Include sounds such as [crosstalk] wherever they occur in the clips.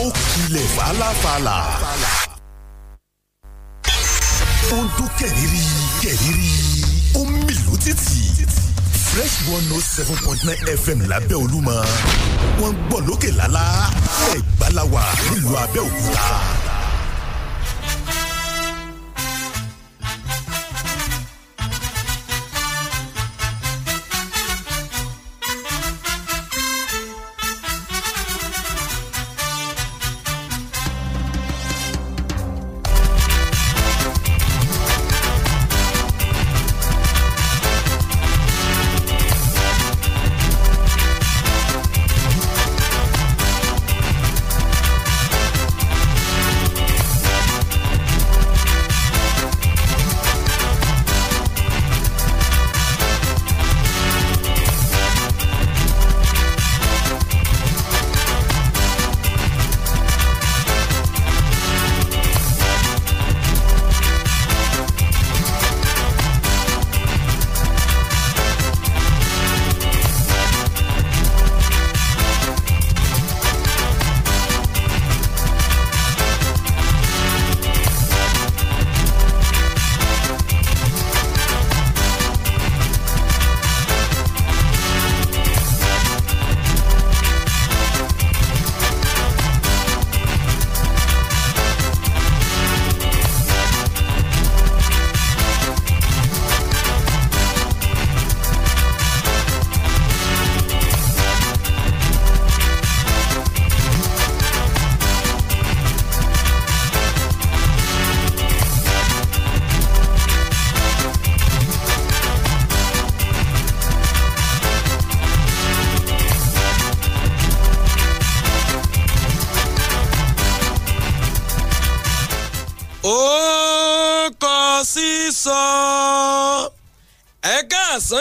ó kilẹ̀ fàlàfàlà. ó ń dún kẹ̀rìírí kẹ̀rìírí ó ń mìlú títì fresh one note oh seven point nine fm lábẹ́ olúmọ wọ́n ń gbọ́ lókè lálá ẹ̀gbá la wà nílùú abẹ́òkúta.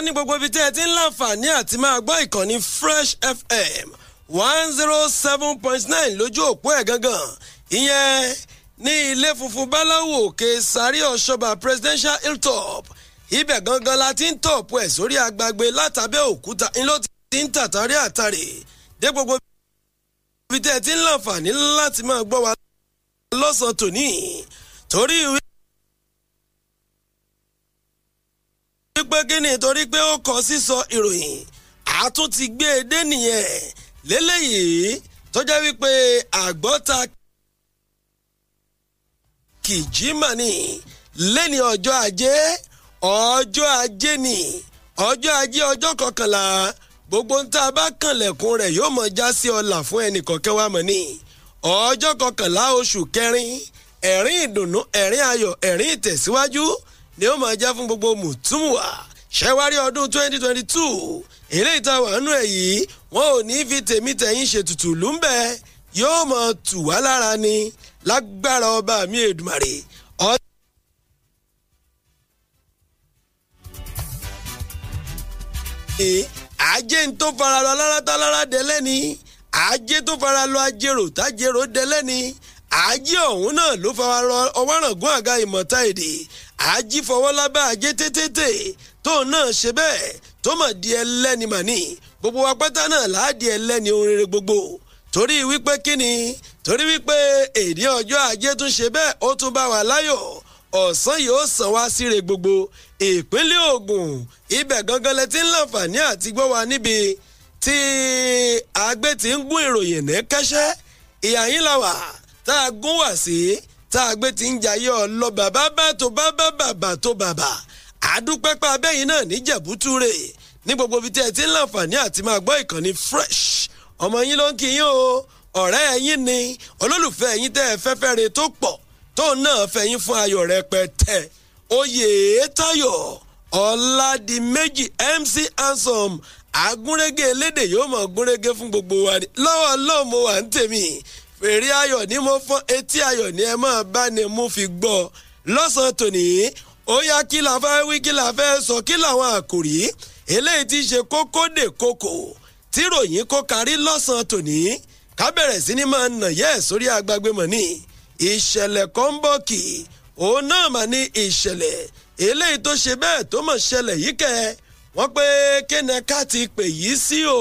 ní gbogbo ibi tí ẹ ti ń láǹfààní àti máa gbọ́ ìkànnì fresh fm one zero oh seven point nine lójú òpó ẹ̀ gangan ìyẹn ní ilé funfun báláwo òkè sáré ọ̀ṣọ́ba presidential hilltop ibẹ̀ gangan la ti ń tọ̀pù ẹ̀ sórí agbágbé látàbẹ́ òkúta ńlọ ti ń tàtàrí àtàrí dé gbogbo ibi tí ẹ ti ń láǹfààní láti máa gbọ́ wa lọ́sàn-án tòní torí ìwé. pípé kíni torí pé ó kọ sísọ ìròyìn àtún ti gbé e dé nìyẹn lélẹ́yìí tó jẹ́ wípé àgbọ́ta kìjìmà ni lẹ́ni ọjọ́ ajé ọjọ́ ajé ni ọjọ́ ajé ọjọ́ kọkànlá gbogbo ń tá a bá kànlẹ̀kùn rẹ̀ yóò mọ̀ já sí ọlà fún ẹnì wa mọ̀ ni ọjọ́ kọkànlá oṣù kẹrin ẹ̀rín ìdùnnú ẹ̀rín ayọ̀ ẹ̀rín ìtẹ̀síwájú ni ó máa jẹ́ fún gbogbo mùtúmùwà ṣẹ́wárí ọdún 2022 eléyìí tá a wà yìí wọn ò ní fi tèmi ṣètùtù lù yóò mọ̀ tù wá lára ni lágbára ọba mi èdùmàrè. ajé ń tó fara lọ alára tá alára dẹ lẹ́ni ajé tó fara lọ ajérò tájérò dẹ lẹ́ni àájí ọ̀hún náà ló fara rọ ọwọ́ràngún àga ìmọ̀ta èdè àájí fọwọ́ lábẹ́ ajé tètè tóun náà ṣe bẹ́ẹ̀ tó mọ̀ di ẹlẹ́ni màní gbogbo apáta náà láàdì ẹlẹ́ni ohun rere gbogbo torí wípé kíni torí wípé èdè ọjọ́ ajé tún ṣe bẹ́ẹ̀ ó tún bá wa láyọ̀ ọ̀sán yìí ó sàn wá síre gbogbo ìpínlẹ̀ Ògùn ibẹ̀ gangan lẹ ti ń láǹfààní àti gbọ́ wa níbi tí àgbẹ̀ ti ń gún ìròyìn ní kẹ́sẹ́ ìyá yín tá a gún wá sí tá a gbé ti ń jayé ọlọ bàbá bá tó bàbá bàbá tó bàbá àdúpẹ́pẹ́ abẹ́yìn náà níjẹ̀bútúrè ní gbogbo ibi tí ẹ ti ń láǹfààní àti máa gbọ́ ìkànnì fresh ọmọ yín ló ń kí yín o ọ̀rẹ́ yín ni olólùfẹ́ yín tẹ́ ẹ fẹ́fẹ́ re tó pọ̀ tóun náà fẹ́ fún ayọ̀ rẹpẹtẹ oyè tayo ọ̀làdìmẹ́jì mc ansom agúnrégé elédè yóò mọ̀ gúnrégé fún gbogbo wa ni lọ́wọ́ ọlọ́run mo wà ń tèmi fèrè ayọ̀ ni mo fọ́n etí ayọ̀ ni ẹ máa bá ni mo fi gbọ́ lọ́sàn-án tòní ó yá kí la fẹ́ wí kí la fẹ́ sọ kí làwọn àkòrí eléyìí ti ṣe kókó dè kókó tí ròyìn kó kárí lọ́sàn-án tòní ká bẹ̀rẹ̀ sí ni máa nàyẹ́ sórí agbágbé mọ̀ ní ìṣẹ̀lẹ̀ kan ń bọ̀ kì òun náà mà ní ìṣẹ̀lẹ̀ eléyìí tó ṣe bẹ́ẹ̀ tó mọ̀ ṣẹlẹ̀ yìí kẹ́ wọ́n pé kéne ká ti pè yìí sí o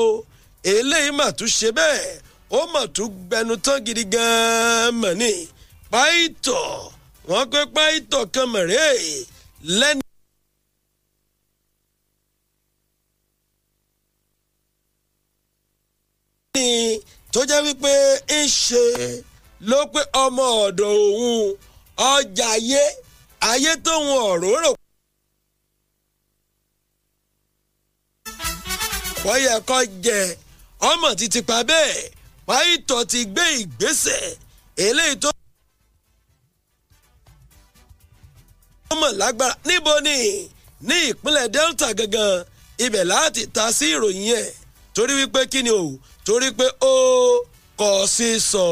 eléyìí mà tún ṣe bẹ́ẹ̀ ó mọ̀ tún gbẹnu tán gidi gan-an mọ̀ ní páìtọ̀ wọ́n pé páìtọ̀ kan mọ̀rẹ́ lẹ́nu. tó jẹ́ wípé ń ṣe ló pé ọmọ ọ̀dọ̀ òun ọjà ayé ayé tóun ọ̀rọ̀ rò. wọ́n yẹ kó jẹ ọmọ títí pa bẹ́ẹ̀ pàìtọ̀ ti gbé ìgbésẹ̀ eléyìí tó. mọ̀ lágbára níbo ni ní ìpínlẹ̀ Delta gangan ibẹ̀ láti ta sí ìròyìn yẹn torí wípé kí ni o torí pé ó kọ sí sọ.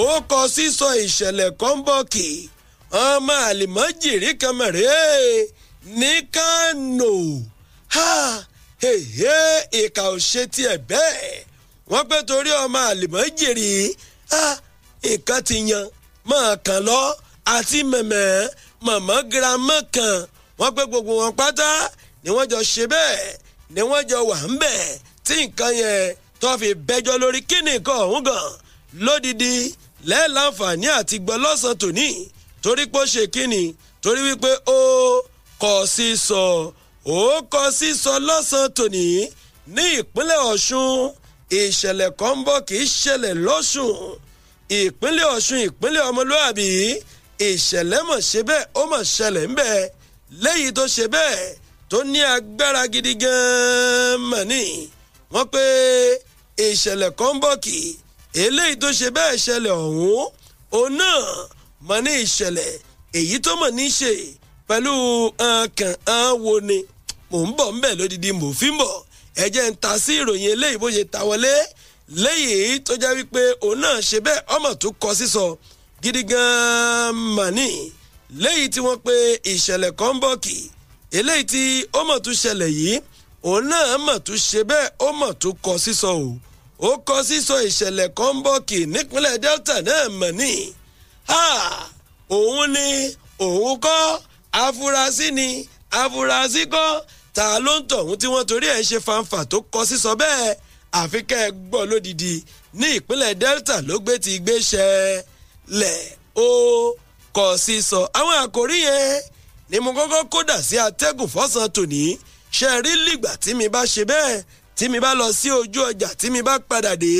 ó kọ sísọ ìṣẹ̀lẹ̀ kọ́ńbọ̀kì ọmọ àlìmọ́jìrì kan mọ̀ rèé ní Kánò. Ha! èhé ìkà ò ṣe tiẹ̀ bẹ́ẹ̀ wọ́n pé torí ọmọ àlìmọ́jèrè nǹkan ti yan máa kàn lọ àti mẹ̀mẹ́ mọ̀mọ́ girama kan wọ́n pé gbogbo wọn pátá ni wọ́n jọ ṣe bẹ́ẹ̀ ni wọ́n jọ wà ń bẹ̀ tí nǹkan yẹn tó fi bẹ́jọ́ lórí kí ni nǹkan ọ̀hún gan lódìdí lẹ́ẹ̀láǹfààní àti gbọ́ lọ́sàn tòní torí pé ó ṣe kíni torí wípé ó kọ̀ sí sọ ó kọ sísọ lọ́sàn-án tòní ní ìpínlẹ̀ ọ̀ṣun ìṣẹ̀lẹ̀ kan ń bọ̀ kì í ṣẹlẹ̀ lọ́ṣùn ìpínlẹ̀ ọ̀ṣun ìpínlẹ̀ ọmọlúàbí ìṣẹ̀lẹ̀ mọ̀ ṣe bẹ́ẹ̀ ó mọ̀ ṣẹlẹ̀ ń bẹ̀ léyìí tó ṣe bẹ́ẹ̀ tó ní agbára gidi gan-an mọ̀ ní wọ́n pé ìṣẹ̀lẹ̀ kan ń bọ̀ kì eléyìí tó ṣe bẹ́ẹ̀ ṣẹlẹ̀ ọ̀hún òun náà mọ̀ ní ìṣẹ̀lẹ̀ èyí tó mọ̀ ní ṣe pẹ̀lú ọkàn àwọn wo ni mò ń bọ̀ ńbẹ̀ lódìdí mò fi ń bọ̀ ẹ jẹ́ ń ta sí ìròyìn eléyìí bó ṣe ta wọlé léyìí tó jẹ́ wípé òun náà ṣe bẹ́ẹ̀ ọmọ tó kọ sísọ gidi gan-an màní léyìí tí wọ́n pe ìṣẹ̀lẹ̀ kan bọ̀ kì eléyìí tí ó mọ̀ tún ṣẹlẹ̀ yìí òun náà mọ̀ tún ṣe bẹ́ẹ̀ ó mọ̀ tún kọ sísọ o ó kọ sísọ ìṣẹ̀lẹ̀ kan bọ̀ kì nípínlẹ̀ delta náà màní òun ni òun kọ́ afurasí ni afurasí kọ́ ta ló ń tọ̀hún tí wọ́n torí ẹ̀ ń ṣe fanfà tó kọ sísọ bẹ́ẹ̀ àfi kẹ́ ẹ gbọ́ lódìdí ní ìpínlẹ̀ Delta ló gbé ti gbé ṣẹ́ lẹ̀ ó kọ sísọ àwọn àkòrí yẹn ni mo kọ́kọ́ kódà sí atẹ́gùn fọ́sàn tòní ṣe rí lìgbà tí mi bá ṣe bẹ́ẹ̀ tí mi bá lọ sí ojú ọjà tí mi bá padà dé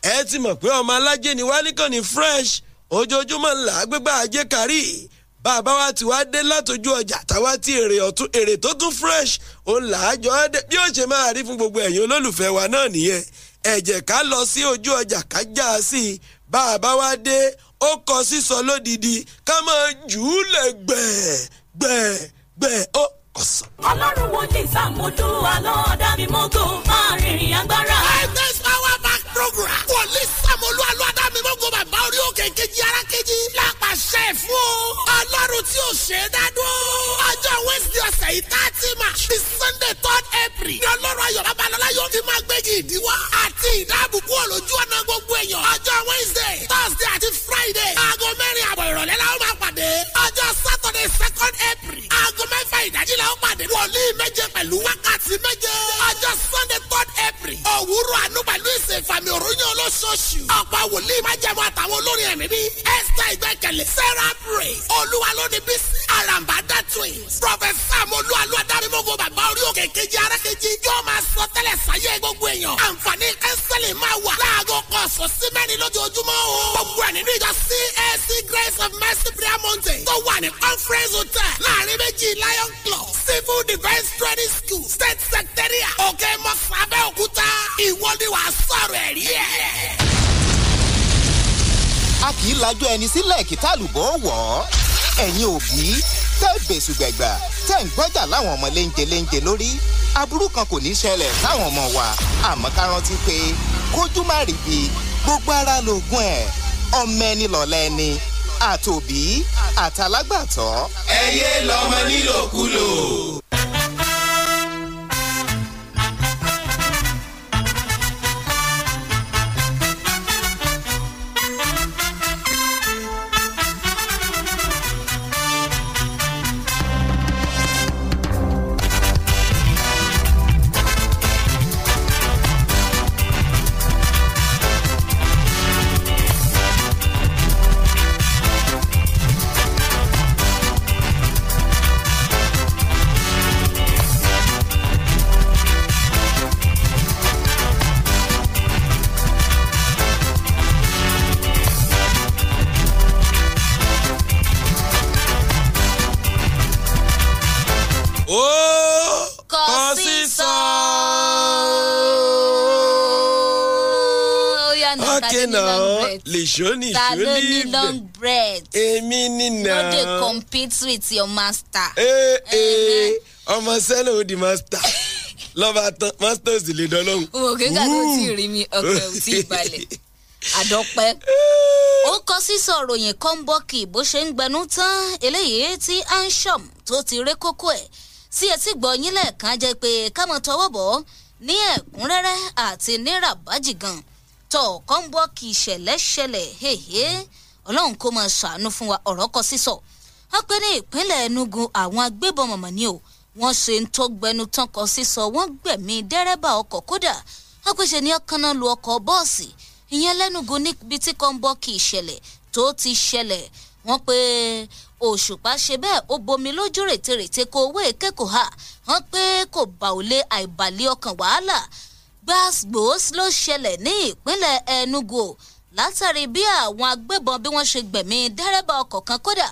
ẹ ti mọ̀ pé ọmọ alájẹ ni wálé kàn ní fresh ojoojúmọ́ ńlá gbégbá ajé kárí bàbá wa ti wá dé látọjú ọjà táwa ti èrè ọ̀tún èrè tó tún fresh òun làájọ dé bí ó ṣe máa rí fún gbogbo ẹ̀yin olólùfẹ́ wa náà nìyẹn ẹ jẹ́ ká lọ sí ojú ọjà ká já a sí i bàbá wa dé ó kọ sísọ lódìdí ká máa jù ú lẹ̀ gbẹ̀ẹ́ gbẹ̀ẹ́ gbẹ̀ẹ́ ó ọ̀sán. ọlọ́run wo ní ìsàmójú àlọ́ ọ̀dà mi mọ́tò máa rìnrìn agbára. ẹgbẹ́ power back program. wọ́n ìsàmójú àlọ́ ọ̀dà mi mọ́tò bàbá orí òkè kejì ara kejì. lápàṣẹ fún ọlọ́run tí ò ṣe é dádó. ọjọ́ wednesday ọ̀sẹ̀ yìí thirty march the sunday third april ni ọlọ́run ayọ̀ babalọ́lá yóò fi máa gbégi ìdíwọ́ àti ìdáàbòbò olójú ọ̀nà gbogbo èèyàn. ọjọ́ wednesday thursday àti friday aago mẹ́rin àbọ̀ ìrọ̀lẹ́ la ó máa pàdé. ọjọ́ saturday second april aago mẹ́fà ìdájí la ó pàdé. wòlíì méje pẹ̀lú wákàtí méje. ọjọ́ sunday third february. òwúrọ̀ àánú pẹ̀lú ìsèfàmì òróyìn olóṣooṣù. ọ̀pọ̀ wòlíì máa jẹ̀mọ́ àtàwọn olórin ẹ̀mí bí. esther ìgbẹ́kẹ̀lé sarah praise olúwa lónìí bí sí àràǹbá dàtúwì. prọfẹsà mọlú alú adarímọ́gbọ́ bàbá orí òkè kejì arákejì yóò máa sọ tẹ́lẹ̀ sáyé gbogbo èèyàn. àǹfààní kẹ́sẹ̀lì máa wà láago kan sọ sí mẹ́rin lójoojúmọ́ o. gbogbo ẹ̀ nínú ìjọ CAC Grace of Mercy prayer mountain tó wà ní conference hotel láàrin méjì lion club civil defence training school state secretariat òkè mọ́sá abẹ́òkúta ìwọ ni wàá sọ̀rọ̀ ẹ̀rí ẹ̀. a kì í lajú ẹni sílẹ̀ kíta lùbọ̀ wọ̀ ọ́ ẹ̀yin òbí tẹ́ bẹ̀sù gbẹ̀gbà tẹ́ ń gbọ́jà láwọn ọmọ léńjẹ léńjẹ lórí aburú kan kò ní ṣẹlẹ̀ láwọn ọmọ wa àmọ́ ká rántí pé kójú má ríbi gbogbo ara lóògùn ẹ̀ ọmọ ẹni lọ̀lẹ́ ni àtòbí àtàlágbàtọ́. ẹ yéé lọ́mọ nílòkulò. breath. Lèṣó ni ìṣó Ta ló ní long breath? Èmi nìna. No dey compete with your master. Ee eh, ee eh, ọmọ sẹ́lẹ̀ ó di master. [laughs] Lọ́ba tán master ò sì lè dán lóhùn. Mo kí n kà tó tí ì rí mi ọkọ̀ ò tí ì balẹ̀. Àdọ́pẹ́. [laughs] Ó kọ sísọ ròyìn kọ́ńbọ́ọ̀kì bó ṣe ń gbẹnu tán eléyìí tí Anshom tó ti ré kókó ẹ̀ sí etí gbọ́ yín lẹ́ẹ̀kan jẹ́ pé ká mọ̀ tọwọ́ bọ̀ ní ẹ̀kúnrẹ́rẹ́ àti ní ràbájì gan-an tó kọ́ ń bọ́ kí ìṣẹ̀lẹ̀ ṣẹlẹ̀ hehe ọlọ́run kó máa ṣàánú fún wa ọ̀rọ̀ kọ sísọ wọ́n pé ní ìpínlẹ̀ Enugu àwọn agbébọn mọ̀mọ́ ni o wọ́n ṣe ń tó gbẹnu tán kọ sísọ wọ́n gbẹ̀mí dẹ́rẹ́bà ọkọ̀ kódà wọ́n pè ṣe ní ọkànnà lu ọkọ̀ bọ́ọ̀sì ìyẹn lẹ́nugu níbi tí kọ́ ń bọ́ kí ìṣẹ̀lẹ̀ tó ti ṣẹlẹ̀ wọ́n pé òṣùpá ṣe bẹ́ẹ̀ ó bomi lójú rètérètè kó owó èké hà wọ́n pé kò bá òlé àìbàlẹ̀ ọkàn wàhálà gbàgbós ló ṣẹlẹ̀ ní ìpínlẹ̀ Enugu látàrí bí àwọn agbébọn bí wọ́n ṣe gbẹ̀mí dẹ́rẹ́bà ọkọ̀ kan kódà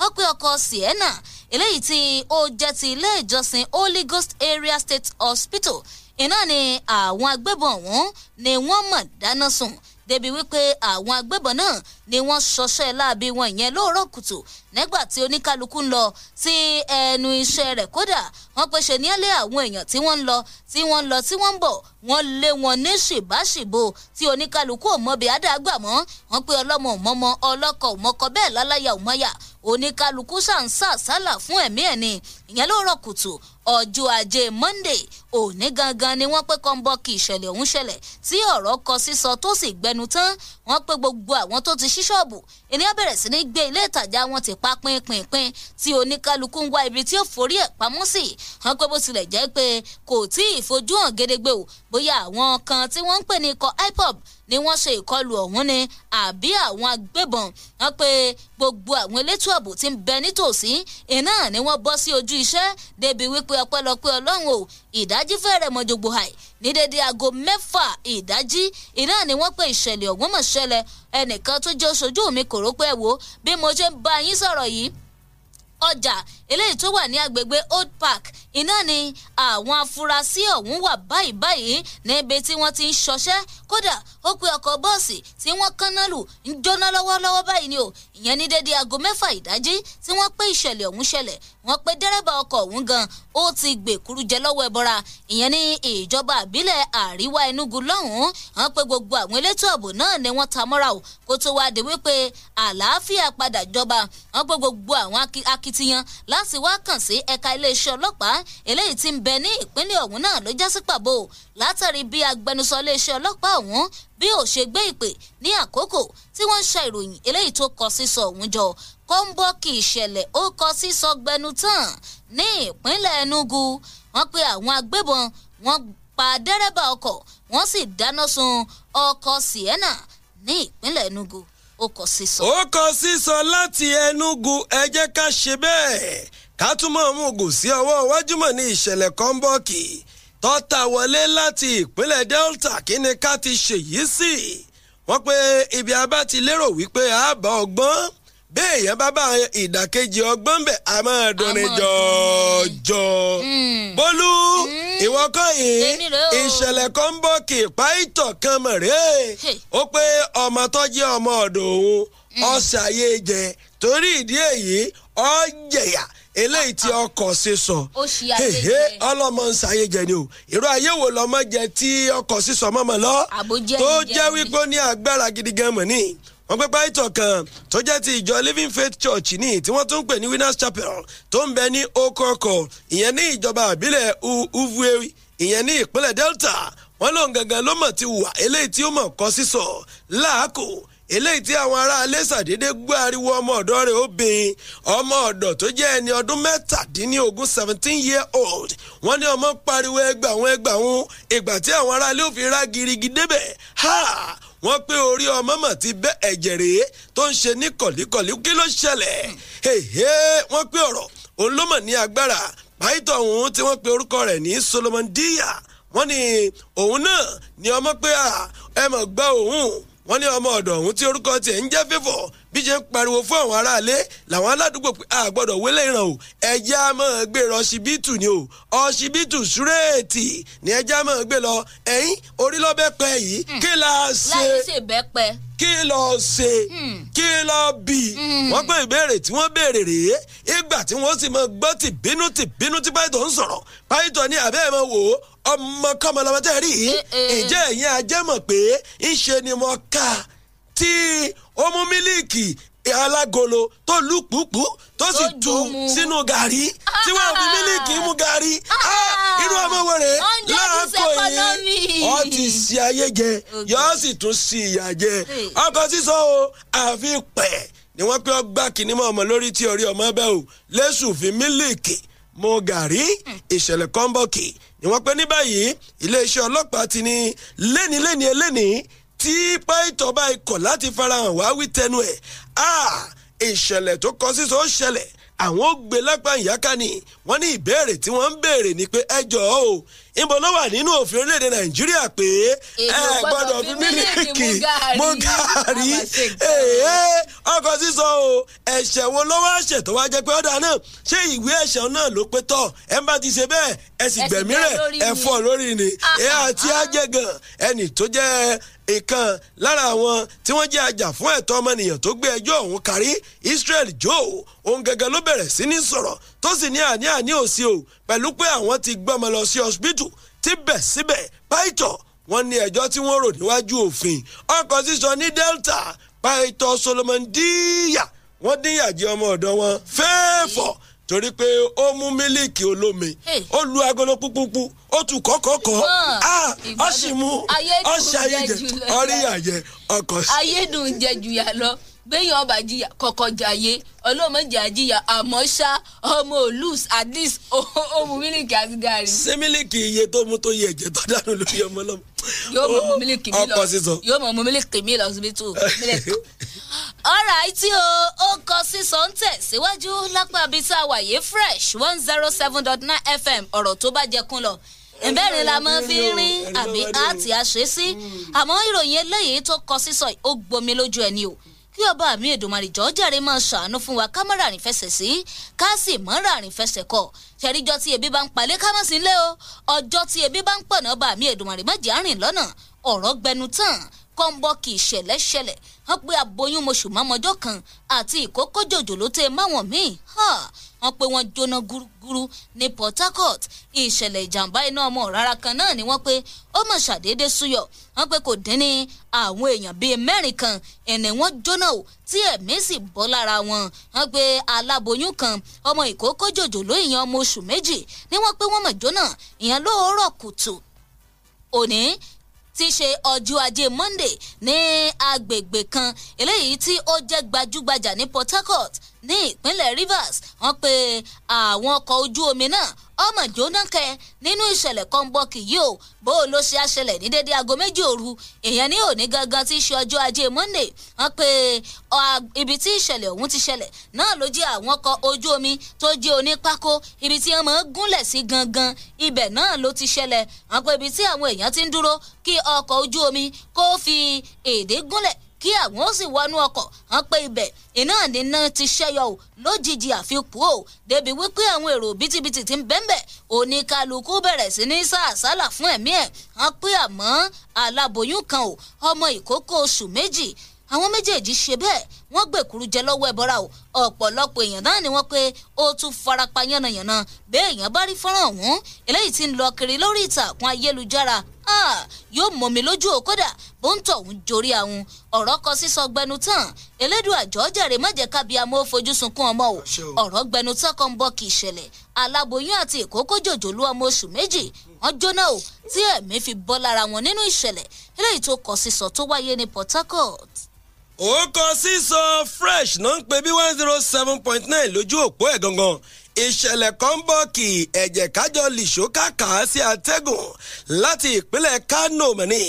wọ́n ọkọ̀ Sienna eléyìí tí ó jẹ́ ti ilé ìjọsìn Holy Ghost Area State Hospital iná ni àwọn agbébọn ọ̀hún ni wọ́n mọ̀ dáná sùn débi wípé àwọn agbébọn náà ni wọ́n ṣọṣẹ́ láabi wọn ìyẹn lóòrọ̀ kùtù nígbà tí oníkálukú ń lọ sí ẹnu iṣẹ́ rẹ̀ kódà wọ́n pe ṣe ní ẹlẹ́ àwọn èèyàn tí wọ́n ń lọ tí wọ́n ń lọ tí wọ́n ń bọ̀ wọ́n lé wọn ní ṣìbáṣìbò tí oníkálukú ò mọbi àdàgbà mọ́ wọ́n pe ọlọ́mọ ò mọ́mọ́ ọlọ́kọ̀ ò láláyà ò oníkálukú ṣàǹsà sálà fún ẹ̀mí ẹ̀ ìyẹn lóòrọ̀ kùtù ọjọ́ ajé monday òní gangan ni wọ́n pé kọ́ńbọ́ọ̀kì ìṣẹ̀lẹ̀ ọ̀hún ṣẹlẹ̀ tí ọ̀rọ̀ kọ sísọ tó sì gbẹnu tán wọ́n pé gbogbo àwọn tó ti ṣí ṣọ́ọ̀bù ènìyàn bẹ̀rẹ̀ sí ní gbé ilé ìtajà wọn ti pa pínpínpín tí oníkálukú ń wá ibi tí ó forí ẹ̀ pamọ́ sí wọ́n pé bó tilẹ̀ jẹ́ pé kò tí ì fojú hàn gédégbé o bóyá àwọn kan tí wọ́n ń pè ní ikọ̀ ipob ni wọ́n ṣe ìkọlù ọ̀hún ni àbí àwọn agbébọn wọ́n pe gbogbo àwọn elétò ààbò tí ń bẹ nítòsí iná ni wọ́n bọ́ sí ojú iṣẹ́ débi wípé ọpẹ́lọpẹ́ ọlọ́run o ìdájí fẹ́rẹ̀ mọ jogbo àì ní dédé aago mẹ́fà ìdájí iná ni wọ́n pe ìṣẹ̀lẹ̀ ọ̀hún mọ̀ ẹnìkan tó jẹ́ oṣojú mi kò rò wo bí mo ṣe ń bá yín sọ̀rọ̀ yìí ọjà eléyìí tó wà ní agbègbè Old Park iná ni àwọn afurasí ọ̀hún wà báyìí báyìí níbi tí wọ́n ti ń ṣọṣẹ́ kódà ó pe ọkọ̀ bọ́ọ̀sì tí wọ́n kánná lù ń jóná lọ́wọ́lọ́wọ́ báyìí ni o ìyẹn ní dédé aago mẹ́fà ìdájí tí wọ́n pé ìṣẹ̀lẹ̀ ọ̀hún ṣẹlẹ̀ wọ́n pe dẹ́rẹ́bà ọkọ̀ ọ̀hún gan ó ti gbèkúrú jẹ lọ́wọ́ ẹbọra ìyẹn ní ìjọba àbílẹ̀ àríwá Enugu lọ́hùn-ún wọ́n pe gbogbo àwọn elétò ààbò náà ni wọ́n ta mọ́ra o kó tó wá dé wípé àlàáfíà padà jọba wọ́n pe gbogbo àwọn akitiyan lá láti wá kàn sí ẹ̀ka iléeṣẹ́ ọlọ́pàá eléyìí tí ń bẹ ní ìpínlẹ̀ ọ̀hún náà ló já sí pàbó látàrí bí agbẹnusọ iléeṣẹ́ ọlọ́pàá ọ̀hún bí ò ṣe gbé ìpè ní àkókò tí wọ́n ń ṣe ìròyìn eléyìí tó kọ sísọ ọ̀hún jọ kọ́ńbọ́ọ̀kì ìṣẹ̀lẹ̀ ó kọ sísọ gbẹnu tán ní ìpínlẹ̀ Enugu wọ́n pe àwọn agbébọn wọ́n pa dẹ́rẹ́bà ọkọ̀ wọ́n sì dáná sun ọkọ̀ Sienna ní ìpínlẹ̀ Enugu ó kọ sísọ. ó sísọ láti Enugu ẹ jẹ́ ká ṣe bẹ́ẹ̀ ká túmọ̀ mú gùn sí ọwọ́ iwájú mọ̀ ní ìṣẹ̀lẹ̀ kan bọ́ọ̀kì tọ́ta wọlé láti ìpínlẹ̀ Delta kí ni ká ti ṣèyí sí i wọ́n pé ibi abá ti lérò wípé àbá ọgbọ́n béèyàn bá bá ìdàkejì ọgbọ́n bẹ̀ a máa dunrin jọjọ. Hmm. bólú hmm. ìwọ kọ́ yìí ìṣẹ̀lẹ̀ kan ń bọ̀ kí ipa ìtọ̀ kan mọ̀ rẹ́ ó pé ọmọ tó jẹ́ ọmọ ọ̀dọ̀ òun ọ̀sẹ̀ hmm. ayé jẹ torí ìdí èyí ọ̀ jẹ̀yà eléyìí tí ah, ah. ọkọ̀ ṣe sọ ọlọ́mọ ń ṣayé jẹ ni o irú ayé wo lọ́mọ jẹ tí ọkọ̀ sísọ mọ́mọ́ lọ tó jẹ́ wípé ó ní agbára gidi gan mọ̀ ní wọ́n pé pásítọ̀ kan tó jẹ́ ti ìjọ living faith church ní tí wọ́n tún ń pè ní winners chapel tó ń bẹ ní okoko ìyẹn ní ìjọba àbílẹ̀ uvue ìyẹn ní ìpínlẹ̀ delta wọ́n lòun gangan ló mọ̀ ti wà eléyìí tí ó mọ̀ kọ́ sísọ láàkó eléyìí tí àwọn aráalé ṣàdédé gbé ariwo ọmọ ọ̀dọ́ rẹ̀ obìnrin ọmọ ọ̀dọ̀ tó jẹ́ ẹni ọdún mẹ́tàdínlógún seventeen year old wọ́n ní ọmọ pariwo ẹgbàwọn ẹgbàwọn ìgbà tí àwọn aráalé ò fi rá girigi débẹ̀ ha wọ́n pé orí ọmọ mọ̀ ti bẹ́ ẹ̀jẹ̀ rèé tó ń ṣe ní kọ̀líkọ̀lí kí ló ṣẹlẹ̀ wọ́n pé ọ̀rọ̀ òun ló mọ̀ ní agbára pàìtọ̀ òun tí wọ́n pe orúkọ rẹ̀ ní Solomon Díyà wọ́n ní òun náà ni ọmọ pé ẹ mọ̀ gbọ́ òun wọ́n ní ọmọ ọ̀dọ̀ ọ̀hún tí orúkọ tiẹ̀ ń jẹ́ fífọ̀ bí ṣe ń pariwo fún àwọn aráalé làwọn aládùúgbò pé a gbọ́dọ̀ wélé ìràn o ẹjẹ́ a máa gbé lọ ṣíbítù ni o ọṣíbítù súrèètì ni ẹjẹ́ a máa gbé lọ ẹ̀yìn orílọ́bẹ̀pẹ̀ yìí hmm. kí la ṣe láì ṣe bẹ́pẹ́ kí lọ ṣe hmm. kí lọ bì hmm. wọ́n pé ìbéèrè tí wọ́n béèrè rèé ìgbà tí wọ́n sì máa gbọ́ tì bínú tì bínú tí pàìtàn ń sọ̀rọ̀ pàìtàn ní àbẹ́ ẹ̀ máa wò ó ọmọ kọ́mọ lọ́mọ tẹ́ rí yìí eh, eh. ǹjẹ́ pé ńṣe ni mo ká mílíkì alágolo tó lù púpú tó sì tu sínú gàrí tí wọn fi mílíkì mú gàrí ah, ah, irú ọmọ wẹrẹ ah, láàkó yìí ọ ti ṣe ayé jẹ yọ sì tún ṣe ìyà jẹ ọkọ sísọ o àfi pẹ ni wọn pe ọgbà kìíní mọ ọmọ lórí tí orí ọmọ bẹ o lẹsùn fi mílíkì mú gàrí ìṣẹ̀lẹ̀ kọńbọkì ni wọn pe ní báyìí iléeṣẹ́ ọlọ́pàá ti ní léni léni eléni tí pẹ́ẹ́tọ́ bá ikọ̀ láti farahàn wá wí tẹnu ẹ̀ ah, ìṣẹ̀lẹ̀ tó kọ sísọ ó ṣẹlẹ̀ àwọn ó gbé lápá ìyáká ni wọ́n ní ìbéèrè tí wọ́n ń béèrè ni pé ẹ jọ̀ọ́ o níbo ló wà nínú òfin orílẹ̀-èdè nàìjíríà pé ẹ gbọ́dọ̀ fi mílíkì mú gàrí ọkọ̀ sísọ o ẹ̀ṣẹ̀ wo ló wá ṣẹ̀ tó wá jẹ́ pé ọ̀dà náà ṣé ìwé ẹ̀ṣẹ̀ náà ló pé tọ̀ ẹ̀ ń bá ti ṣe bẹ́ẹ̀ ẹ sì gbẹ̀mí rẹ̀ ẹ fọ́ lórí ni ah, ẹ ah, àti ah. ajẹ́gàn ẹnì tó jẹ́ ìkan lára àwọn tí wọ́n jẹ́ ajá fún ẹ̀tọ́ ọmọnìyàn tó gbé ẹjọ́ ọ̀hún kárí israel joe òun gẹ́gẹ́ ló bẹ̀rẹ̀ sí ní sọ̀rọ̀ tó sì ní àní àní òsì o pẹ̀lú pé àwọn ti gbọ́mọ lọ sí hospital tíbẹ̀ síbẹ̀ pàìtọ̀ wọ́n ní ẹjọ́ tí wọ́n rò níwájú òfin ọkọ̀ sísọ ní delta pàìtọ̀ solomon díyà wọ́n dín yàjẹ ọmọ ọ̀dọ̀ wọn fẹ́ẹ̀fọ̀ torí pé ó mú mílíìkì olómi ó lu agolo púpúpú ó tún kọ́kọ́kọ́ ah, ó sì mú ó ṣe ayédè ọrí yàjẹ ọkọ̀ sí. ayédùn jẹ jùyà lọ béèyàn ọba jìyà kọ́kọ́ jayé ọlọ́mọdé àjìyà àmọ́ ṣá ọmọ olùs at least [laughs] ó mu mílìkì àti gàrí. ṣé mílìkì iye tó mú tó yẹ ẹ̀jẹ̀ tó dànù lórí ọmọ lọ́mọ. yóò mọ̀ mú mílìkì mi lọ yóò mọ̀ mú mílìkì mi lọ síbi tó mílìkì. ọ̀rọ̀ [laughs] àìtí o ó kọ sísọ ń tẹ̀ síwájú lápá bíi tá a wà yé fresh one zero seven dot nine fm ọ̀rọ̀ tó bá jẹ lọ ìbéèrè la máa fi rin àbí àti àṣẹ sí àmọ́ ìròyìn eléyìí tó kọ sísọ ó gbomi lójú ẹni o kí ọba mi Èdùmàrè jọ̀ọ́ jàre máa ṣàánú fún wa ká má ràrìn fẹsẹ̀ sí ká sì má ràrìn fẹsẹ̀ kọ̀ ṣẹ̀ríjọ́ tí ebi bá ń palẹ̀ ká má sí ilé o ọjọ́ tí ebi bá ń pọ̀nà ọba mi Èdùmàrè má jẹ́ àrìn lọ́nà ọ̀rọ̀ gbẹnu tán kọ́ńbọ́ọ̀kì ìṣẹ̀lẹ̀ ṣẹlẹ̀ wọ́n pe aboyún mọ̀ṣù mọ́mọ́jọ́ kan àti ìkókó jòjòló tẹ máwọn míì wọ́n pé wọ́n jóná gúrúgúrú ní Port Harcourt ìṣẹ̀lẹ̀ ìjàmbá iná ọmọ rárá kan náà ni wọ́n pé ó mọ̀ ṣàdédé súyọ̀ wọ́n pé kò dín ní àwọn èèyàn bíi mẹ́rin kan ẹ̀nẹ̀ wọ́n jóná o tí ẹ̀mí sì bọ́ lára wọn wọ́n pé aláboyún kan ọmọ ìkókó jòjòló ìyẹn ọmọ oṣù méjì ni wọ́n pé wọ́n mọ̀ jóná ìyẹn lóòórọ̀ kùtù òní tí í ṣe ọjọ́ ajé Monday ní agbègbè kan eléyìí tí ó jẹ́ gbajúgbajà ní Port Harcourt ní ìpínlẹ̀ Rivers wọ́n pe àwọn ọkọ̀ ojú omi náà ọmọ jóná kẹ nínú ìṣẹ̀lẹ̀ kan bọ́ọ̀kì yìí o bó o ló ṣe àṣẹlẹ̀ ní dédé aago méjì òru èèyàn ní òní gangan tí í ṣe ọjọ́ ajé monday wọ́n pe ibi tí ìṣẹ̀lẹ̀ ọ̀hún ti ṣẹlẹ̀ náà ló jẹ́ àwọn ọkọ̀ ojú omi tó jẹ́ onípákó ibi tí wọ́n máa ń gúnlẹ̀ sí gangan ibẹ̀ náà ló ti ṣẹlẹ̀ wọ́n pe ibi tí àwọn èèyàn ti ń dúró kí ọkọ̀ ojú omi kó fi èdè gúnlẹ̀ kí àwọn ó sì wọnú ọkọ̀ hàn pé ibẹ̀ iná níná ti ṣẹ́yọ o lójijì àfikún o débi wípé àwọn èrò bítíbitì ti ń bẹ́ńbẹ̀ oníkálukú bẹ̀rẹ̀ sí ní sàásálà fún ẹ̀mí ẹ̀ hàn pé àmọ́ aláboyún kan o ọmọ ìkókó oṣù méjì àwọn méjèèjì ṣe bẹ́ẹ̀ wọ́n gbèkúrú jẹ lọ́wọ́ ẹ̀bọ́ra o ọ̀pọ̀lọpọ̀ èèyàn náà ni wọ́n pé ó tún farapa yánnayànna bẹ́ẹ̀ èèyàn bá rí fọ́nrán ọ̀hún eléyìí tí ń lọ kiri lórí ìtàkùn ayélujára yóò mọ̀ mí lójú o kódà bó ń tọ̀hún jorí àwọn ọ̀rọ̀ kọ sísọ gbẹnu tán Elédùà jọ̀ọ́ jàre má jẹ́ kábí amọ́ fojú sunkún ọmọ o ọ̀rọ̀ gbẹnu tán kan ń bọ́ kí ìṣẹ̀lẹ̀ aláboyún àti ìkókó jòjòló ọmọ oṣù méjì wọ́n jóná o tí ẹ̀mí fi bọ́ lára wọn nínú ìṣẹ̀lẹ̀ eléyìí tó kọ sísọ tó wáyé ní Port Harcourt òkò sísọ fresh ló ń pè bí one zero seven point nine lójú òpó ẹ̀ gangan ìṣẹ̀lẹ̀ kan ń bọ̀ kí ẹ̀jẹ̀ kájọ lìṣó kàkà sí àtẹ́gùn láti ìpínlẹ̀ kano mẹ́ni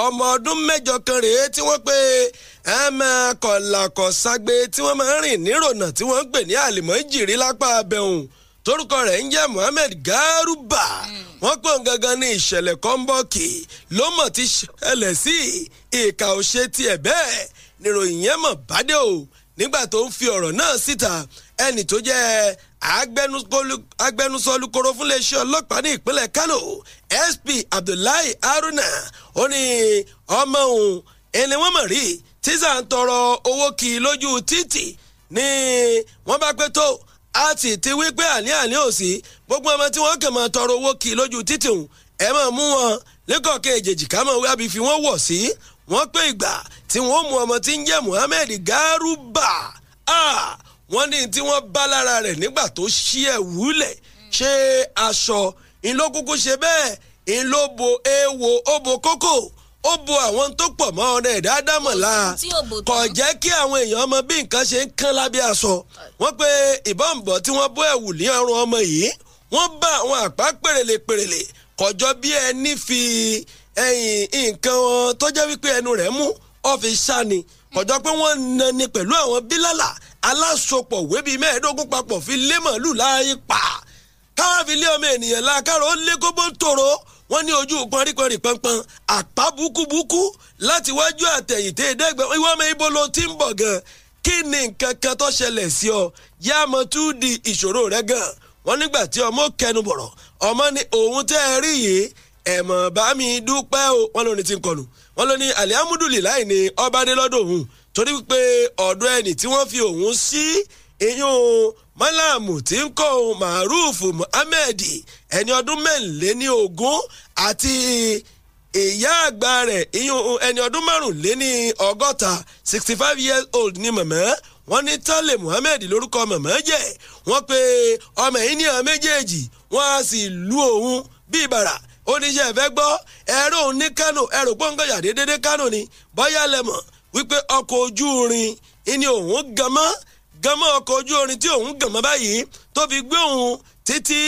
ọmọ ọdún mẹ́jọ kan rèé tí wọ́n pe ẹ̀mẹ́ kọ̀làkọ̀ságbe tí wọ́n máa ń rìn nírònà tí wọ́n ń pè ní àlìmọ́jìrì lápá abẹ́hùn torúkọ rẹ̀ ń jẹ́ mohammed garuba wọ́n pè ń gangan ní ìṣẹ̀lẹ̀ kan ló mọ̀ ti ṣẹlẹ̀ sí ìkà òṣè tiẹ̀ bẹ́ẹ̀ níròyìn yẹn mọ̀ bàdé o nígbà tó ń fi ọ̀rọ̀ náà síta ẹnì tó jẹ́ agbẹnusọ olùkóró fúnléeṣẹ́ ọlọ́pàá ní ìpínlẹ̀ Kano SP Abdullahi Haruna ó ní ọmọ òun ẹni wọ́n mọ̀ rí tíṣà ń tọrọ owó kì í lójú títì ni wọ́n bá pé tó a ti ti wí pé àní àní òsì gbogbo ọmọ tí wọ́n kàn máa tọrọ owó kì í lójú títì ẹ máa mú wọn lẹ́kọ̀ọ́kẹ́ èjèèjì ká máa wí àbí fi wọ́n wọ̀ sí wọ́n pé ìgbà tí wọ́n mú ọmọ tí ń jẹ́ Muhammed Garuba wọ́n ní tí wọ́n bá lára rẹ̀ nígbà tó ṣí ẹ̀ wúlẹ̀ ṣe aṣọ ìlókùkù ṣe bẹ́ẹ̀ ìlóbo èèwọ̀ òbò kókò ó bo àwọn tó pọ̀ mọ́ ọ̀nà ẹ̀dá dámọ̀lá kò jẹ́ kí àwọn èèyàn ọmọ bí nǹkan ṣe ń kán lábẹ́ aṣọ wọ́n pe ìbọ̀nbọ̀ tí wọ́n bó ẹ̀wù ní ọrùn ọmọ yìí wọ́n bá àwọn àpá pèrèlè pèrèlè kọjọ́ bí ẹni fi nǹkan tó jẹ́ wípé ẹnu rẹ̀ mú ọ́fíìsà ni kọjọ pé wọ́n na ni pẹ̀lú àwọn bílálà alásopọ̀ wébi mẹ́ẹ̀ẹ́dógún papọ̀ fi lé màálù láàyè pa káàfin lé ọmọ ènìyàn láàkàrọ̀ ó lé kóbó tòrò wọ́n ní ojú pọ́nrípọ́nrí pọ́npọ́n àpá bukubuku láti wájú àtẹ̀yìntẹ́ ìdẹ́gbẹ́ ìwọ́n ọmọ ibo ló ti ń bọ̀ gan kí ni nǹkan kan tó ṣẹlẹ̀ sí ọ yá mọ tún di ìṣòro rẹ gan wọ́n nígbà tí ọmọ kẹnu bọ̀rọ̀ ọmọ ni òun tẹ́ ẹ rí yìí ẹ̀mọ̀ bá mi dúpẹ́ o wọ́n lóní ti ń kọnu wọ́n lóní alihamudulilayi ni ọba dé lọ́dọ̀ òun torí pé ọ̀dọ̀ ẹni tí wọ́n fi òun sí eyín mọ́làmù tí ń kọ́ ohun maruf muhammed ẹni ọdún mẹ́lẹ́ni ogún àti ìyá àgbà rẹ̀ eyín ẹni ọdún márùnléní ọgọ́ta sixty five years old ni mọ̀mọ́ wọ́n ní tálẹ̀ muhammed lórúkọ mọ̀mọ́ jẹ́ wọ́n pe ọmọ yìí méjèèjì wọ́n á sì lu òun bíi bàrà oníṣẹ́ ẹ̀fẹ́ gbọ́ ẹ̀rọ òun ní Kánò ẹ̀rọ gbọ́ngànyà déédéé Kánò ni bọ́yá lẹ́mọ̀ wípé ọkọ̀ ojú irin ìní òun gànmọ́ gànmọ́ ọkọ̀ ojú irin tí òun gànmọ́ báyìí tó fi gbé òun títí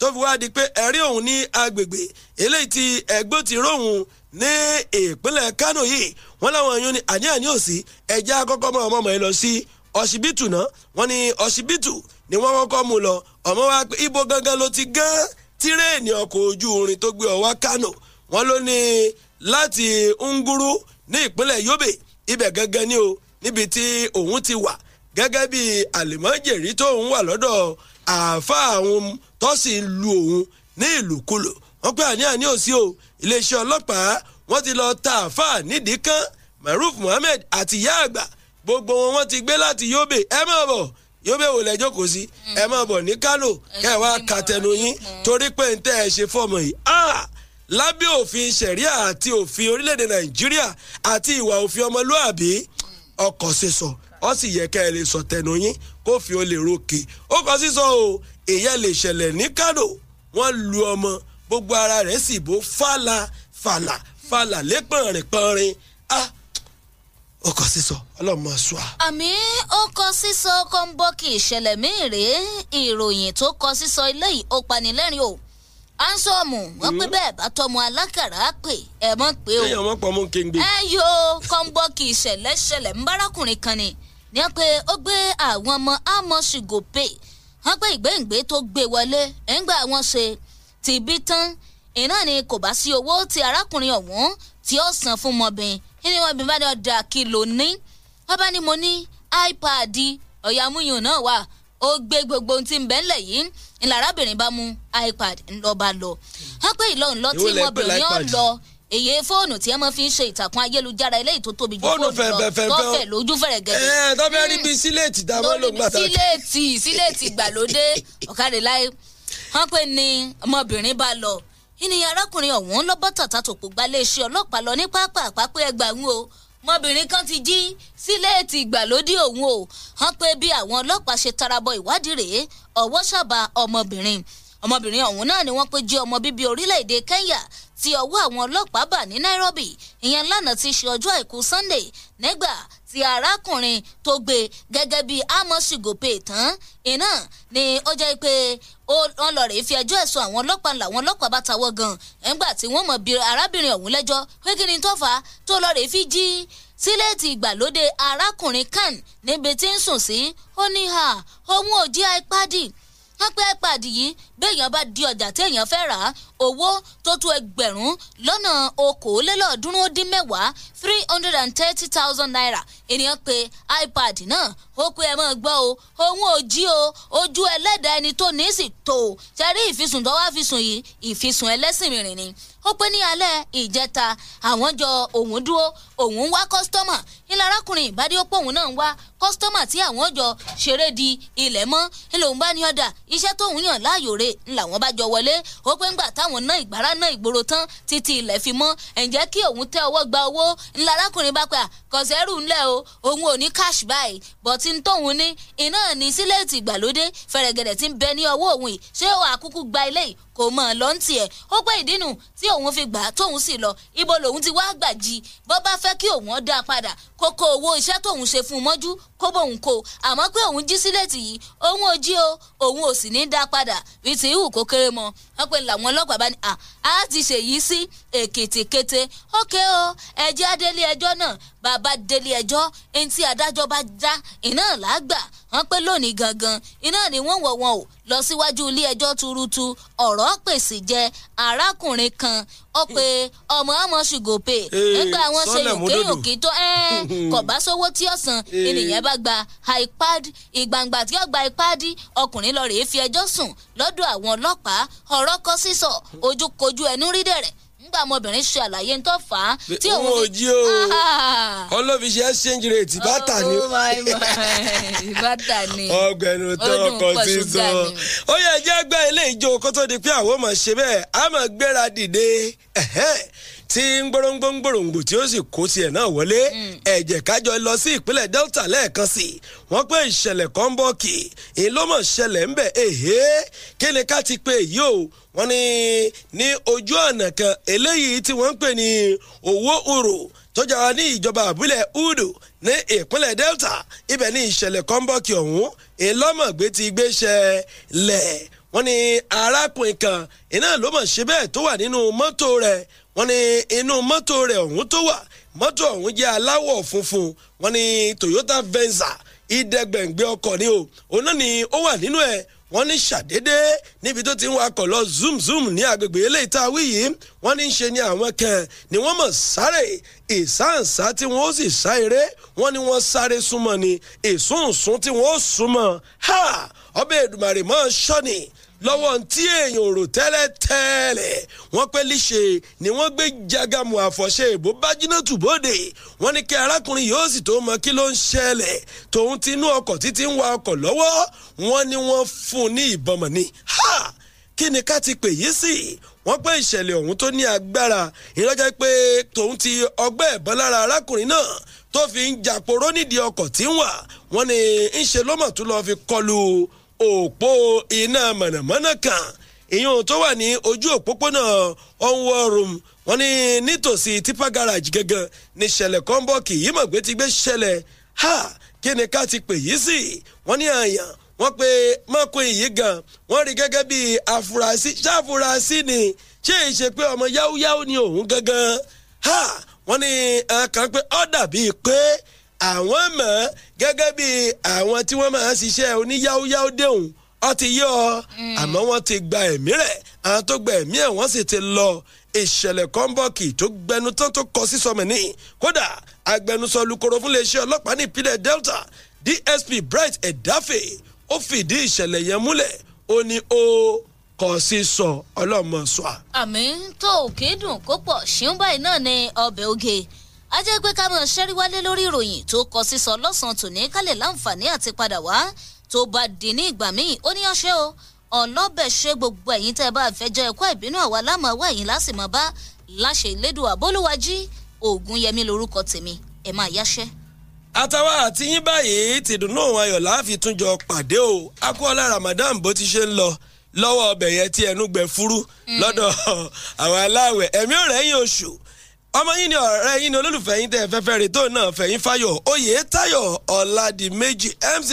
tó fi wá di pé ẹ̀rí òun ní agbègbè eléyìí tí ẹ̀gbọ́n ti róhun ní ìpínlẹ̀ Kánò yìí wọ́n láwọn èèyàn ní àní àní òsì ẹ̀já kọ́kọ́ mọ́ ọmọ ọmọ ẹ lọ sí ọsibítù náà wọ́n ni wọ́n kọ́kọ́ mú lọ ọmọ tírèènì ọkọ̀ ojú irin tó gbé ọ wá Kánò wọ́n ló ní láti Nguru ní ìpínlẹ̀ Yobe ibẹ̀ gangan ni o níbi tí òun ti wà gẹ́gẹ́ bí àlìmọ́jèrì tóun wà lọ́dọ̀ àáfàá àwọn tó sì lu òun ní ìlúkulù wọ́n pé àní àní òsì o iléeṣẹ́ ọlọ́pàá wọ́n ti lọ ta àáfàá nídìí kan Maruf Muhammed àti ìyá àgbà gbogbo wọn wọ́n ti gbé láti Yobe ẹ máa bọ̀ yóò bẹ̀ wò lẹ́jọ́ kò sí mm. ẹ máa bọ̀ ní Kánò kẹ́ ẹ wá kàtẹ́nu yín torí pé ń tẹ́ ẹ ṣe fọ́ọ̀mù yìí ah! lábẹ́ òfin ṣẹ̀ríà àti òfin orílẹ̀-èdè Nàìjíríà àti ìwà òfin ọmọlúàbí ọkọ̀ sísọ ó sì yẹ kẹ́ ẹ lè sọ tẹnu yín kó fi ó lè rókè ó kọ sísọ o èyẹ lè ṣẹlẹ̀ ní Kánò wọ́n lu ọmọ gbogbo ara rẹ̀ sì bó fàlà fàlà fàlà lépọ̀nrìnpọ̀nrin ah ọkọ̀ sísọ ọlọ́mọ ṣùà. àmì ọkọ̀ sísọ ọkọ̀ ń bọ́ kí ìṣẹ̀lẹ̀ míì rèé ìròyìn tó kọ sísọ ilé yìí ó panilẹ́rìn o ansọ́ọ̀mù wọ́n pé mm. bẹ́ẹ̀ bá tọmọ alákàrà pè ẹ mọ̀ pé o. kéèyàn mọ̀ pọ̀ mú kéńgbé. ẹ yo kọ́ńbọ́ọ̀kì ìṣẹ̀lẹ̀ ṣẹlẹ̀ ń kan ni ni wọ́n pé ó gbé àwọn ọmọ amos gope wọ́n pé ìgbéǹgbé tó gbé wọlé ẹ̀ńgbà wọn ṣe tìbí tán iná ni kò bá sí owó tí arákùnrin ọ̀hún tí ó san fún mọ́bìn ẹni wọn bí bàdé ọ̀dà kìlò ní wọn bá ní mo ní ipad ọ̀yàmúyùn náà wà ó gbé gbogbo ohun tí ń bẹ́ ńlẹ̀ yìí ńlárábìnrin bá mú ipad ńlọba lọ wọn pé ìlọrin lọ tí wọn bẹ̀rẹ̀ ní ọ̀lọ́ èyí fóònù tí ẹ máa fi ń ṣe ìtàkùn ayélujára eléyìí tó tóbi ju fóònù lọ tọ́fẹ̀ lójú fẹ̀rẹ̀ gẹ̀dẹ̀. ẹ tọ́fẹ̀ rí bíi hmm. síléètì dáwọ́ ló gbàdá. síléètì síléètì ìgbàlódé ọ̀kadì láì wọ́n pè ní ọmọbìnrin bá lọ ìnìyàn arákùnrin ọ̀hún ló bọ́ tàtà tòpò gba iléeṣẹ́ ọlọ́pàá lọ ní pápá àpapọ̀ ẹgbàáhùn o mọbìnrin kan ti jí síléètì ìgbàlódé òun o hàn pé bí àwọn ọlọ́pàá ṣe tarabọ ìwádìí rèé ọwọ́ sábà ọmọbìnrin ọmọbìnrin ọ̀hún náà ni wọ́n pé jẹ́ ọmọ bíbí orílẹ̀-èdè Kenya tí ọwọ́ àwọn ọlọ́pàá bà ní Nairobi ìyẹn lánàá ti ṣe ọjọ́ àìkú Sunday nígbà tí arákùnrin tó gbé gẹ́gẹ́ bí Amos Gope tán iná ni ó jẹ́ pé wọ́n lọ rèé fi ẹjọ́ ẹ̀sùn àwọn ọlọ́pàá làwọn ọlọ́pàá bá tawọ́ gan ẹ̀ńgbà tí wọ́n mọ̀ bí arábìnrin ọ̀hún lẹ́jọ́ pé kí ni tó fà á tó lọ rèé fi jí síléètì ìgbàlódé arákùnrin kan níbi tí ń sùn sí ó ní ha òun ò jí ipadi wọ́n pé ipad yìí béèyàn bá di ọjà téèyàn fẹ́ rà á owó tó tó ẹgbẹ̀rún lọ́nà okòólélọ́ọ̀ọ́dúnrún dín mẹ́wàá three hundred and thirty thousand naira ènìyàn pé ipad náà ó pé ẹ máa gbọ́ o òun ò jí o ojú ẹlẹ́dàá ẹni tó ní sì tó o ṣẹ́rí ìfisùn tó wá fìsùn yìí ìfisùn ẹlẹ́sìn mìíràn ni ó pé ní alẹ́ ìjẹta àwọn jọ òun dúró òun ń wá kọ́sítọ́mà ńlá arákùnrin ìbádí ó pé òun náà ń wá kọ́sítọ́mà tí àwọn jọ ṣeré di ilẹ̀ mọ́ ńlọrun bá ní ọ̀dà iṣẹ́ tóun yàn láàyò rẹ̀ ńlàwọn bá jọ wọlé ó pé ńgbà táwọn ná ìgbára ná ìgboro tán títí ilẹ̀ fi mọ́ ǹjẹ́ kí òun tẹ́ ọwọ́ gba owó ńlá arákùnrin bá pa kọ̀sẹ́rù ńlẹ̀ o òun ò ní cash buy bọ̀tí ń tóun ní iná ní sílẹ̀tì ìgbàlódé fẹ̀rẹ̀gẹ̀dẹ̀ ti ń bẹ ní ọwọ́ òun yìí ṣé ó àkúkú gba ilé yìí kò mọ̀ ọ́ lọ́ntì ẹ̀ ó pé ìdínú tí òun fi gbà á tóun sì lọ ibo lòun ti wá gbà jí bọ́ bá fẹ́ kí òun dá padà kókó owó iṣẹ́ tóun ṣe fún un mọ́jú kó bóun kó àmọ́ pé òun jí sílẹ̀tì yìí òun ò jí o òun ò sì ní dá padà bí ti hù kó kéré mọ́ wọ́n pe làwọn ọlọ́pàá bá ní à á ti ṣèyí sí èkìtì ókè o ẹjẹ́ adélé ẹjọ́ náà bàbá délé ẹjọ́ ẹni tí adájọ́ bá dá iná làágbà wọ́n pé lónìí gangan iná ni wọ́n wọ̀ wọn o lọ síwájú ilé ẹjọ́ tuurutu ọ̀rọ̀ pèsè jẹ arákùnrin kan ó pe ọmọ ọmọ ṣùgòpè nígbà wọn ṣe yòkéyòké tó kò bá sówó tí ó san ènìyàn bá gba ipad ìgbàǹgbà tí ó gba ipad ọkùnrin lọ rèé fi ẹjọ́ sùn lọ́dọ̀ àwọn ọlọ́pàá ọ̀rọ̀ kọ sísọ ojúkojú ẹnu rí dẹ̀rẹ̀ ngbà ọmọbìnrin ṣe àlàyé tó fà á tí òun ò jí o ah! ọlọ́fiṣe exchange rate oh bàtà ni [laughs] bàtà ni ọgbẹnu tó ọkọ sísan ó yẹ jẹ́ gbẹ́ ilé ìjó kó tó di pé àwọn ọmọ ṣe bẹ́ẹ̀ àmọ́ gbéra dìde tí ń gbóróngbóngbòròngbò tí ó sì kó tiẹ̀ náà wọlé mm. ẹ jẹ́ ká lọ sí ìpínlẹ̀ Delta lẹ́ẹ̀kan sí i wọ́n pé ìṣẹ̀lẹ̀ kan ń bọ̀ kì í ló mọ̀ ṣẹlẹ̀ ń bẹ̀ èhé kí ni ká ti pé yìí o wọ́n ní ní ojú ọ̀nà kan eléyìí tí wọ́n ń pè ní owó òrò tọ́jà wa ní ìjọba àbúlẹ̀ udo ní ìpínlẹ̀ Delta ibẹ̀ ní ìṣẹ̀lẹ̀ kan ń bọ̀ kì ọ̀hún ìlọ́mọ̀gbé ti gbéṣẹ́ lẹ̀ wọ́n ní arákùnrin kan iná ló mọ̀ ṣe bẹ́ẹ̀ tó wà nínú mọ́tò rẹ̀ wọ́n ní inú mọ́tò rẹ̀ ọ̀hún tó wà mọ́tò ọ̀hún jẹ́ aláwọ̀ funfun wọ́n ní Toyota Venza ìdẹ́gbẹ̀ngbẹ́ ọkọ̀ ni o òun náà ni ó wà nínú ẹ̀ wọ́n ní ṣàdédé níbi tó ti ń wakọ̀ lọ zoom zoom ní agbègbè eléyìí tá a wí yìí wọ́n ní í ṣe ni àwọn kan ni wọ́n mọ̀ sáré ìsáǹsá tí wọ́n ó sì sá eré wọ́n ní wọ́n sáré súnmọ́ ni ìsúnsún tí wọ́n ó súnmọ́ ha ọbẹ̀ Èdùmàrè mọ́ ṣọ́ni lọ́wọ́ tí èèyàn rò tẹ́lẹ̀tẹ́lẹ̀ wọ́n pé líṣe ni wọ́n gbé jagamu àfọ̀ṣe ìbò bájínà tùbóde wọ́n ní kí arákùnrin yóò sì tó mọ kí ló ń ṣẹlẹ̀ tòun ti inú ọkọ̀ títí ń wa ọkọ̀ lọ́wọ́ wọ́n ní wọ́n fún un ní ìbọn ni kí ni ká ti pè yí sí wọ́n pé ìṣẹ̀lẹ̀ ọ̀hún tó ní agbára ìrọ́jà pé tòun ti ọgbẹ́ ìbọn lára arákùnrin náà tó fi ń jàporó nídìí ọkọ̀ tí ń wà wọ́n ní ń lọ́mọ̀ tó lọ́ọ́ fi kọlu òpó iná mọ̀nàmọ́ná kan ìyún tó wà ní ojú òpópónà onward room ní nítòsí tipa garage gangan ní ṣẹlẹ̀ kọ́ńbọ́ọ̀kì yìí mọ̀gbé ti gbé ṣẹlẹ̀ ha kí ni ká ti pè yìí sí wọ́n ní àyàn wọ́n pe mọ́kùn yìí gan wọ́n rí gẹ́gẹ́ bí àfúrásì ṣáfúrásì ni ṣé èyí ṣe pé ọmọ yáúyáú ni òun gangan ha wọ́n ní kan pé ó dàbí pé àwọn mọ̀ gẹ́gẹ́ bí àwọn tí wọ́n máa ń ṣiṣẹ́ oníyáwóyáwó déhùn ọ ti yé ọ mm. àmọ́ wọ́n ti gba ẹ̀mí rẹ̀ àwọn tó gba ẹ̀mí ẹ̀ wọ́n sì ti lọ ìṣẹ̀lẹ̀ kọ́ńbọ̀kì tó gbẹnu tán tó kọ sí sọmọ̀nì kódà agbẹnusọ lukoro fún iléeṣẹ́ ọlọ́pàá ní ìpínlẹ̀ delta dsp bright edafe ó fìdí ìṣẹ̀lẹ̀ yẹn múlẹ̀ ó ní ó kọ sí sọ ọlọ́mọ sọ. àmì tó òkè dùn kó pọ̀ ṣíún báyìí náà ni ọbẹ̀ oge. Okay ajẹ́ pé ká máa ṣẹ́rí wálé lórí ìròyìn tó kọ sísọ lọ́sàn-án tòní kálẹ̀ láǹfààní àti padà wá tó bá dì ní ìgbà míì ó ní ọṣẹ́ o ọlọ́bẹ̀ ṣe gbogbo ẹ̀yin tẹ́ ẹ bá fẹ́ jẹ́ ẹ̀kọ́ ìbínú àwa láàmú àwa ẹ̀yìn lásìmọ́ bá láṣẹ ìlédùn àbólúwájí ògùn yẹmi lórúkọ tèmi ẹ̀ máa yáṣẹ́ àtàwọn àti yín báyìí tìdùnnú ayọ̀ láàfin tún jọ pàdé o akọ́lá Ramadan bó ti ṣe ń lọ lọ́wọ́ ọbẹ̀ yẹn tí ẹnu gbẹ fúrú mm. lọ́dọ̀ [laughs] àwọn aláwẹ̀ ẹ̀mí ò rẹ́yìn oṣù ọmọ yín ni ọ̀rẹ́ yín ni olólùfẹ́ yín tẹ́ fẹ́fẹ́ rè tó náà fẹ̀yìn fáyọ̀ oyè tayo ọ̀làdìmẹ́jì mc